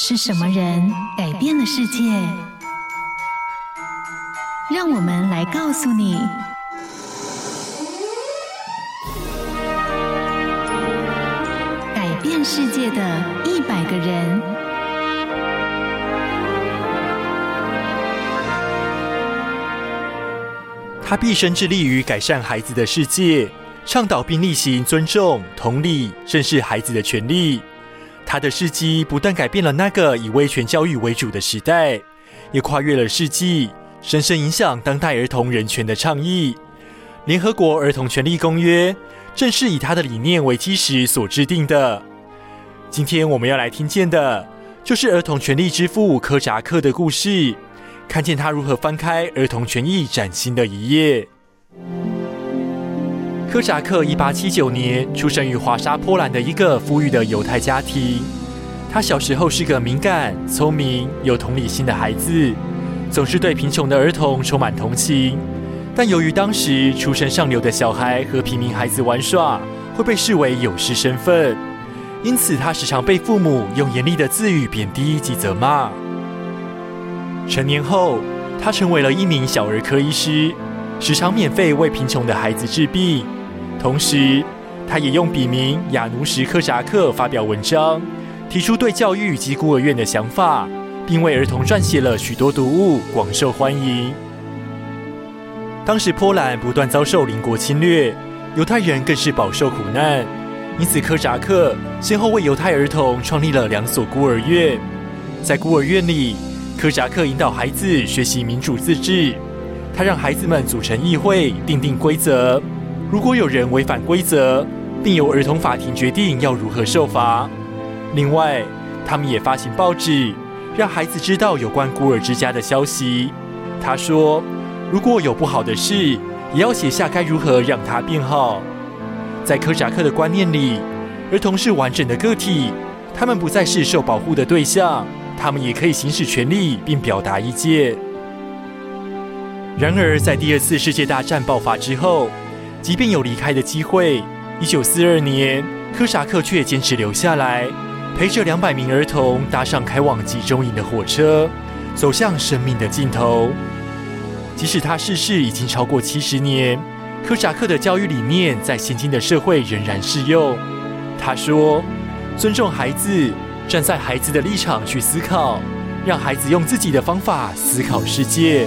是什麼人改變了世界？讓我們來告訴你：改變世界的一百個人。他畢生致力於改善孩子的世界，倡導並力行尊重、同理，正視孩子的權利。他的事蹟不但改變了那個以威權教育為主的時代，也跨越了世紀，深深影響當代兒童人權的倡議。聯合國兒童權利公約正是以他的理念為基石所制定的。今天我們要來聽見的，就是兒童權利之父柯札克的故事，看見他如何翻開兒童權益嶄新的一頁。柯札克一八七九年出生於華沙波蘭的一個富裕的猶太家庭。他小時候是個敏感、聰明、有同理心的孩子，總是對貧窮的兒童充滿同情。但由於當時出身上流的小孩和平民孩子玩耍會被視為有失身份，因此他時常被父母用嚴厲的字語貶低及責罵。成年後，他成為了一名小兒科醫師，時常免費為貧窮的孩子治病。同時，他也用筆名雅努什柯札克發表文章，提出對教育及孤兒院的想法，並為兒童撰寫了許多讀物，廣受歡迎。當時波蘭不斷遭受鄰國侵略，猶太人更是飽受苦難，因此柯札克先後為猶太兒童創立了兩所孤兒院。在孤兒院裡，柯札克引導孩子學習民主自治，他讓孩子們組成議會，訂定規則。如果有人違反規則，並由兒童法庭決定要如何受罰。另外，他們也發行報紙，讓孩子知道有關孤兒之家的消息。他說，如果有不好的事，也要寫下該如何讓他變好。在柯札克的觀念裡，兒童是完整的個體，他們不再是受保護的對象，他們也可以行使權利並表達意見。然而，在第二次世界大戰爆發之後，即便有離開的機會，一九四二年，柯札克卻堅持留下來，陪着兩百名兒童搭上開往集中營的火車，走向生命的盡頭。即使他逝世已經超過七十年，柯札克的教育理念在現今的社會仍然適用。他說：“尊重孩子，站在孩子的立場去思考，讓孩子用自己的方法思考世界。”